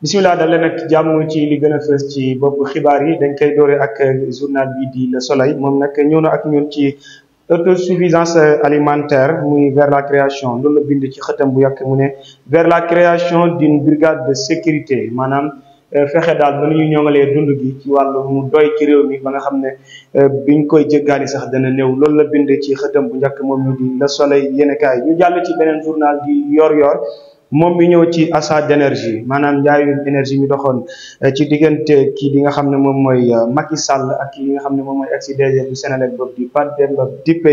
bisimilah dal leen ak jàmm ci li gën a fës ci bopp xibaar yi dañ koy doore ak journal bi di Le Soleil moom nag ñëw na ak ñun ci autosuffisance alimentaire muy vers la création loolu la bind ci xëtam bu yàgg mu ne vers la création d'une brigade de sécurité manam fexe dal ba ñu ñongalé dund gi ci walu mu doy ci réew mi ba nga xamné biñ koy jéggaani sax dana néw loolu la bind ci xëtam bu ñak mom ñu di la Soleil yéenekaay ñu jàll ci benen journal di yor yor moom mi ñëw ci achat d'énergie maanaam njaayu énergie mi doxoon eh, ci diggante kii di nga xam ne moom mooy eh, Macky Sall ak kii di nga xam ne moom mooy ex-DG du Senelec boobu di Pape Demba Dippé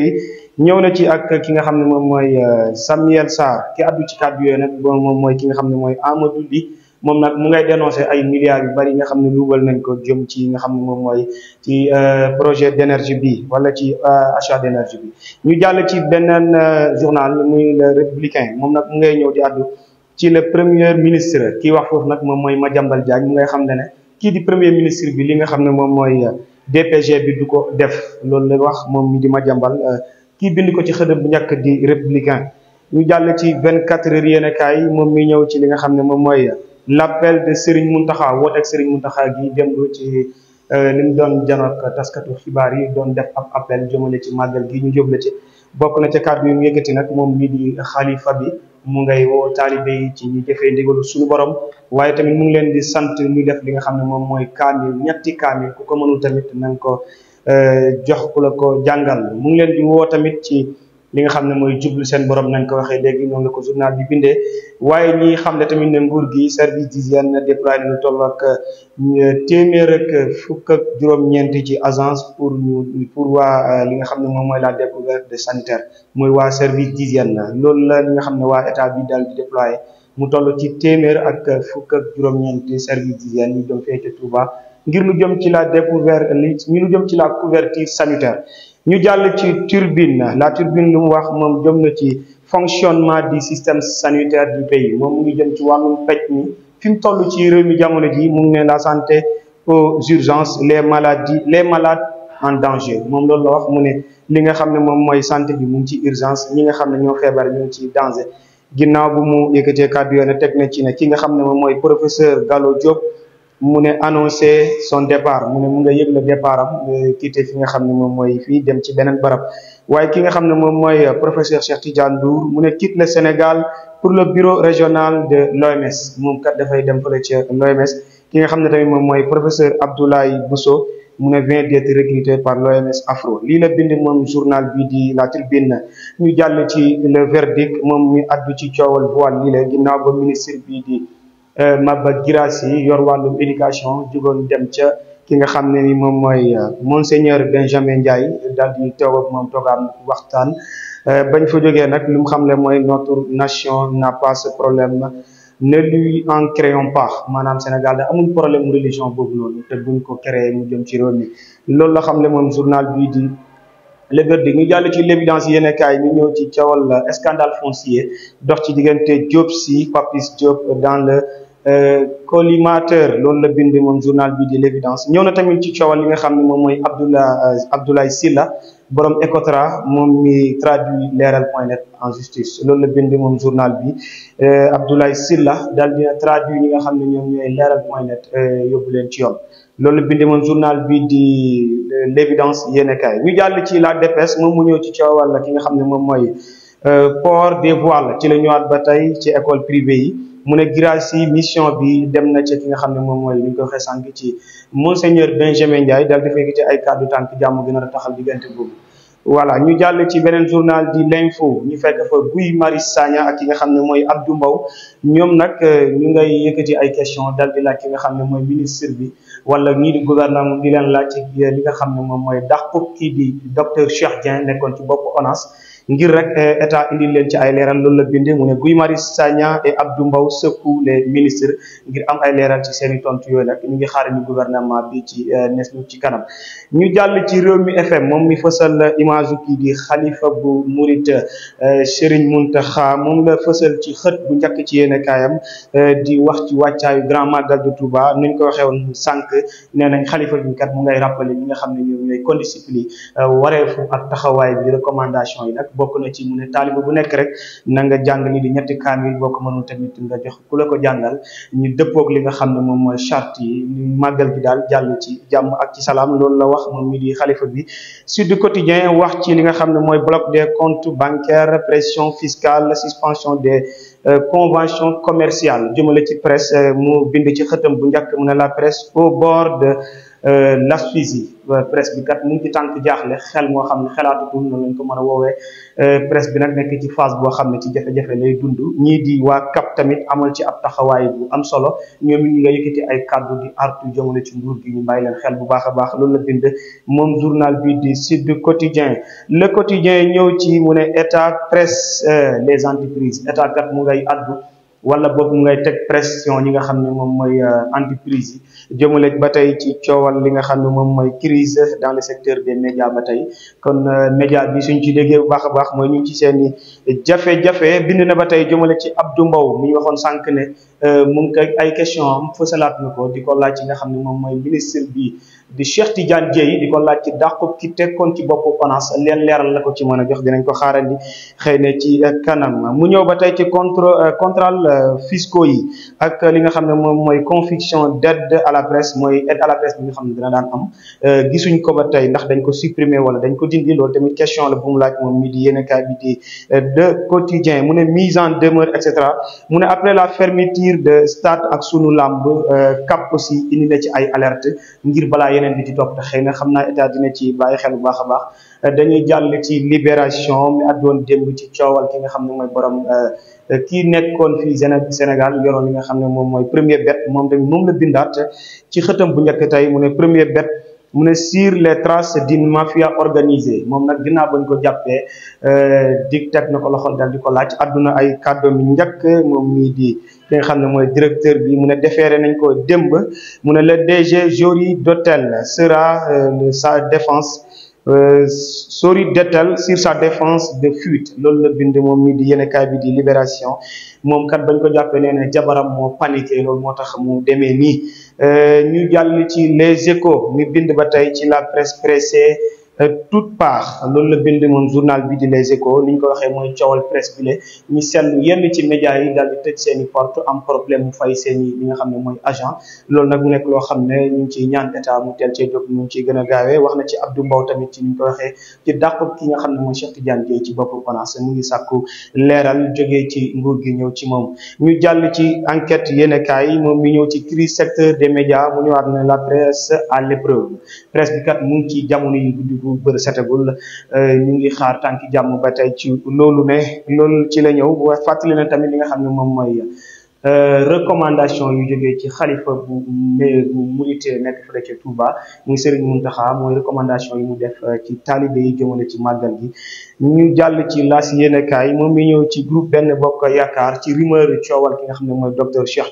ñëw na ci ak ki nga xam ne moom mooy eh, Samuel Sarr ki addu ci kàddu yooyu nag moom mooy ki nga xam ne mooy Amadou Ly moom nag mu ngay dénoncé ay milliards yu bari yi nga xam ne luubal nañ ko jëm ci nga xam ne moom mooy ci euh, projet d'énergie bi wala ci euh, achat d'énergie ñu jàll ci beneen euh, journal muy le moom nag ngay ñëw di àddu ci le premier ministre kii wax foofu nag moom mooy Madiambal Diagne mu ngay xam ne kii di premier bi li nga xam ne moom mooy DPG bi du ko def loolu la wax moom mi di Madiambal kii bind ko ci xëdëm bu di républicain ñu jàll ci 24 heures yéen a kaay moom mi ñëw ci li nga xam ne moom mooy l'appel de Serigne Mountakha wooteeg Serigne Mountakha gi dem ci euh, li mu doon janook taskatu xibaar yi doon def ab appel jëmale ci màggal gi ñu jublu ci bokk na ci kàddu yu mu yëkkati nag moom mii di xalifa bi mu ngay woo taalibe yi ci ñu jëfee ndigalu suñu borom waaye tamit mu ngi leen di sant ñu def li nga xam ne moom mooy kaamil ñetti kaamil ku ko mënul tamit na nga ko euh, jox ku la ko jàngal mu leen di woo tamit ci. li nga xam ne mooy jublu seen boroom nañ ko waxee léegi noonu la ko journal bi bindee waaye ñi xam ne tamit ne nguur gi service d'hygiène déployé nañu toll ak euh, téeméer ak fukk ak agence pour pour waa euh, li xam ne moom mooy la découverte de mooy waa service d'hygiène loolu la li nga xam ne waa état bi daal di mu toll ci téeméer ak fukk juróom-ñeent service d'hygiène ñu jëm fee ca Touba ngir lu jëm ci la découverte li ñu lu jëm ci la couverture sanitaire ñu jall ci turbine la turbine lu wax fonctionnement du système sanitaire du pays moom mu ngi jëm ci wàllum ci la santé aux urgences les maladies les malades en danger moom loolu la wax mu li santé bi ci urgence ñi nga danger professeur Gallo mu ne annoncé son départ mu ne mu nga yëg le départ am quitté fi nga xam ne moom mooy fii dem ci beneen barab waaye ki nga xam ne moom mooy euh, professeur Cheikh Tidiane Ndour mu ne quitte le Sénégal pour le bureau régional de l'OMS moom kat dafay dem fële ca l'OMS ki nga xam ne tamit moom mooy professeur Abdoulaye Bousso mu ne vient d'être recruté par l'OMS Afro lii la bind moom journal bi di La Tribune ñu jàll ci le verdict moom mi addu ci coowal voile lii la bii di Euh, Maba Guirassy yor wàllum éducation jugoon dem ca ki nga xam ni moom mooy euh, monseigneur Benjamin Ndiaye daal di toog ak moom toogaam waxtaan euh, bañ fa jógee nag lu mu xam notre nation n'a pas ce problème ne lui en créons pas manam Sénégal da amul problème religion bobu noonu te buñ ko créé mu jëm ci réew mi loolu la xam mom journal bi di Le Verdict ñu jall ci l'évidence yene kay ñu ñëw ci coowal scandale foncier dox ci diggante Diop si Papis Diop dans le Euh, collimateur loolu la bind moom journal bi di l'évidence ñëw na tamit ci coowal li nga xam ne moom mooy Abdoulaye euh, Abdoulaye Sylla boroom Ecotra moom mi traduit leeral point net en justice loolu la bind moom journal bi euh, Abdoulaye Sylla daal dina traduit ñi nga xam ne ñoom ñooy leen ci yoon loolu bind moom journal bi di l'évidence yéen kaay ñu jàll ci la DPS moom mu ñëw ci coowal ki nga xam ne moom mooy port des voiles ci la ñëwaat ba tey ci école privée yi mu ne grâce mission bi dem na ci ki nga xam ne moom mooy li ñu ko waxee sànq ci monseigneur Benjamin Ndiaye daal di fekk ci ay kàddu tànk jàmm gën a taxal diggante boobu. voilà ñu jàll ci beneen journal di l'info ñu fekk fa Guy Marius Sagna ak ki nga xam ne mooy Abdou Mbow ñoom nag euh, ñu ngay yëkkati ay question dal di laaj ki nga xam ne mooy ministre bi wala ñii di gouvernement di leen laaj ci li nga xam ne moom mooy dàqu kii di docteur Cheikh Dieng nekkoon ci bopp ONAS. ngir rek eh, état indil leen ci ay leeral loolu la bindee mu ne Guy Marius Sagna et Abdou Mbow secouent les ministres ngir am ay leeral ci seen i tontu yooyu nag ñu ngi xaar ni gouvernement bi ci eh, nes ñu ci kanam ñu jàll ci réew mi FM moom mi fësal image kii di xalifa bu murit eh, Serigne taxa moom la fësal ci xët bu njëkk ci yéene kaayam di wax ci wàccaayu grand magal de Touba nuñ ko waxee woon sànq nee nañ xalifa bi kat mu ngay rappelé ñi nga xam ne ñoom ñooy condiscipline wareefu ak taxawaay bi recommandation yi nag bokuna ci mune ne bu nek rek na nga jang li di ñetti kaamil boo ko tamit nga jox ku la ko ñu deppok li nga xamne ñu gi ci jamm ak ci salam la wax mom mi di khalifa bi Sud Quotidien wax ci li nga xamne moy bloc des comptes bancaires pression fiscale suspension des euh, convention commerciale jëmale ci presse euh, mu bind ci bu ñak mu la presse au bord de euh, l'asphyxie Euh, presse bi kat mu ngi ci tànk jaaxle xel moo xam ne xelaatutul noonu lañ ko mën a woowee euh, presse bi nag nekk ci phase boo xam ne ci jafe-jafe lay dund ñii di waa CAP tamit amal ci ab taxawaay bu am solo ñoom it ñu nga yëkkati ay kàddu di artu la ci nguur gi ñu bàyyi leen xel bu baax a baax loolu la bind moom journal bi di Sud Quotidien Le Quotidien ñëw ci mu ne état presse euh, les entreprises état kat mu ngay addu wala boobu ngay teg pression ñi nga xam ne moom mooy euh, entreprise yi ba tey ci coowal li nga xam ne moom mooy crise dans le secteur des médias ba tey kon euh, média bi suñ ci déggee bu baax a baax mooy ñu ci seen i jafe-jafe bind na ba tey jëmale ci Abdou Mbow mi ñu waxoon sànq ne euh, mun ngi ay question am fësalaat na ko di ko laaj ci nga xam ne moom mooy ministre bi di Cheikh Tidiane Dieye di ko laaj ki tekkon ci bop ponance len leral lako ci mën jox dinañ ko xaarandi xëy na ci eh, kanam mu ñëw ba tay ci contrôle eh, contrôle eh, fiscaux yi ak li nga xamne ne moom mooy d'aide à la presse moy aide à la presse bi nga xamne dina daan am gisuñ ko ba tay ndax dañ ko supprimer wala dañ ko dindi loolu tamit question la bu mu lacc mom mi di yéen kaay bi di de quotidien mu ne mise en demeure etc cetera mu ne après la fermeture de stade ak sunu làmb CAP aussi indi na ci ay alerte ngir balaa yeneen bi ci topp te xëy na xam naa état dina ci bàyyi xel bu baax a baax dañuy jàll ci libération mi àddoon démb ci coowal ki nga xam ne mooy borom euh, kii nekkoon fii Sénégal yoroon li nga xam ne moom mooy première bet moom tamit moom la bindaat ci xëtam bu njëkk tey mu ne premier bet mu ne sur les traces d'une mafia organisée mom nak ginnaaw bañ ko jàppee euh, dig teg na ko loxol dal di ko laaj àdduna ay kàddoom mi ñak mom mi di ki nga xam moy directeur bi mu ne déféré nañ ko démb mu ne le DG Jory d'hôtel sera euh, sa défense euh, Jory d'hôtel sur sa défense de fuite loolu la bind mom mi di yene kay bi di Libération mom kat bañ ko jappé nee na jabaram mo paniqué loolu motax mu démé ni Euh, ñu jàll ci les échos ñu bind ba tey ci la presse pressée Euh, tout part loolu la bind moom journal bi di Les Échos ni ñu ko waxee mooy coowal presse bi la ñu seetlu yenn ci média yi daal di tëj seen i porte am problème mu fay seen i nga xam ne mooy agent loolu nag mu nekk loo xam ne ñu ngi ciy ñaan état mu teel cee jóg gën a wax na ci Abdou Mbow tamit ci ni ñu ci dàq ki nga xam ne mooy Cheikh Tidiane ci boppu ONAS mu ngi sàkku leeral jógee ci nguur gi ñëw ci moom ñu jàll ci enquête yeneen kaay moom mi ñëw ci crise secteur des médias mu ñëwaat na la presse à l'épreuve presse kat mu ngi ci jamono yi bu bëri setagul euh, ñu ngi xaar tànki jàmm ba tey ci loolu ne loolu ci la ñëw bu fàttali na tamit li nga xam ne moom mooy euh, recommandation yu jógee ci xalifa bu bu murit nekk fële ca Touba muy Serigne Mountakha mooy recommandation yi mu def euh, ci taalibe yi jëmale ci màggal gi ñu jàll ci laas yéenekaay moom mi ñëw ci groupe benn bokk yaakaar ci rumeur coowal ki nga xam ne mooy docteur Cheikh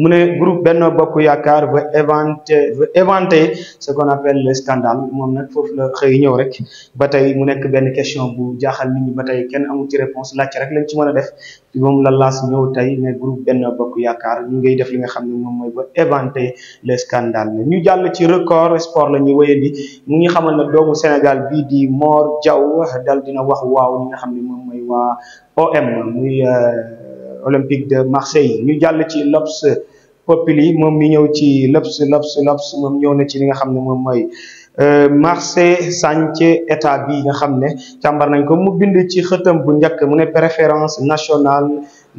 mu ne groupe Benno Bokk Yaakaar veut éventer veut éventer ce qu'on appelle le scandale moom nag foofu la xëy ñëw rek ba tey mu nekk benn question bu jaaxal nit ñi ba tey kenn amul ci réponse laajte rek lañ ci mën a def moom la laas ñëw tey ne groupe Benno Bokk Yaakaar ñu ngay def li nga xam ne moom mooy ba éventer le scandale ñu jàll ci record sport la ñuy wéyal bi mu ngi xamal ne doomu Sénégal bii di Mor Diaw dal dina wax waaw ñi nga xam ne moom mooy waa OM muy. Euh, olympique de Marseille ñu jall ci lops Populi mom mi ñew ci lops lops lops mom ñëw na ci li nga xamne ne moom mooy euh, marché santé état bi nga xamne ne nañ ko mu bind ci xëtam bu njëkk mu né préférence nationale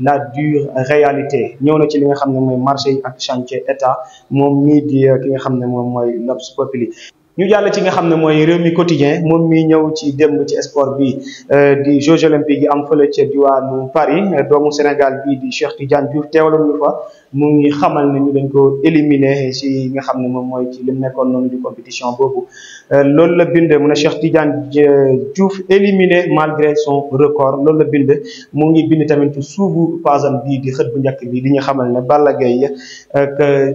la dure réalité ñew na ci li nga xamne moy mooy marché ak chantier état mom mii di euh, ki nga xamne mom moy lops Populi ñu jàll ci nga xam ne mooy réew mi quotidien moom mi ñëw ci démb ci sport bi euh, di Jeux olympiques yi am fële ca diwaanu Paris euh, doomu Sénégal bi di Cheikh Tidiane Diouf teewaloon ñu fa. mu ngi xamal ne ñu dañ ko éliminer si nga xam ne moom mooy ci li nekkoon noonu di compétition boobu euh, loolu la bind mu ne Cheikh Tidiane euh, Diouf éliminé malgré son record loolu la bind mu ngi bind tamit ci suubu pasam bii di xët bu njëkk bii di ñu xamal ne Balla Gaye ak euh,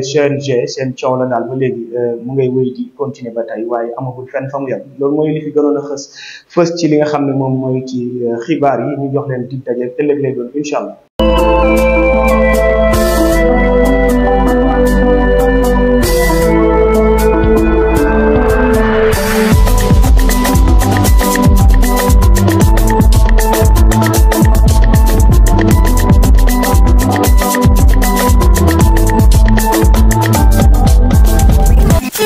CNG seen coow la daal ba léegi mu ngay wéy di continuer ba tey waaye amagul fen fa mu yem loolu mooy li fi gënoon a xës fës ci li nga xam ne moom mooy ci xibaar yi ñu jox leen di daje ëllëg lay doon incha allah